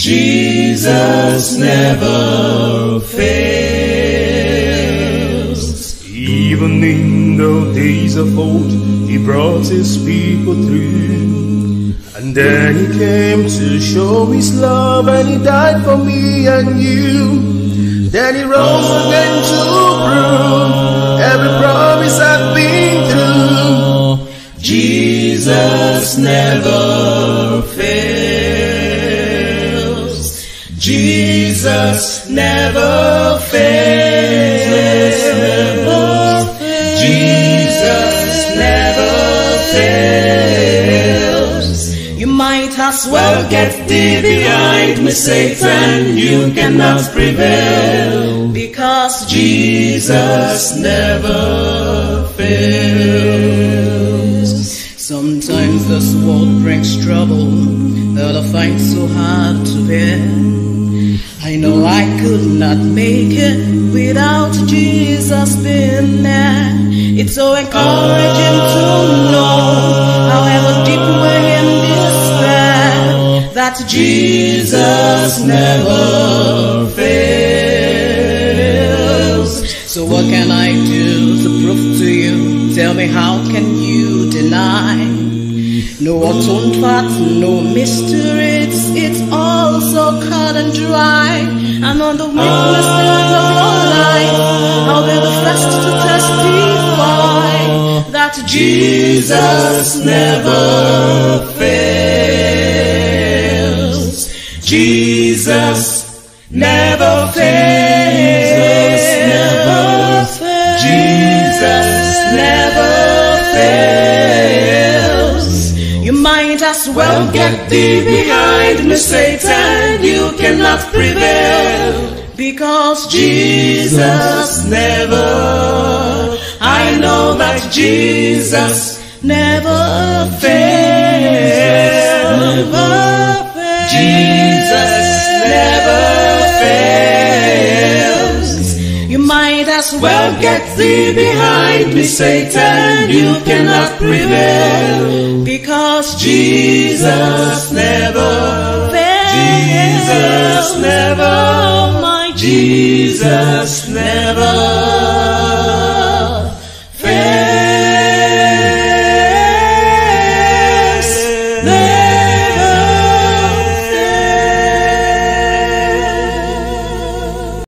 Jesus never fails. Even in the days of old, he brought his people through. And then he came to show his love, and he died for me and you. Then he rose again to prove every promise I've been through. Jesus never fails. Jesus never fails. Jesus never fails. You might as well get thee behind me, Satan. You cannot prevail. Because Jesus never fails. Sometimes this world brings trouble that I find so hard to bear. I know I could not make it without Jesus being there. It's so encouraging to know, however deep we're in despair, that Jesus never fails. So what can I do to prove to you? Tell me how can you deny? No atoned no mysteries. it's and dry. I on the witness stand of your life. I'll be the first to testify that Jesus never fails. Jesus never fails. Jesus never fails might as well get thee behind me, Satan. You cannot prevail because Jesus never. I know that Jesus never fails. well. Get thee behind me, Satan. You cannot prevail. Because Jesus never fails. Jesus never. My Jesus never.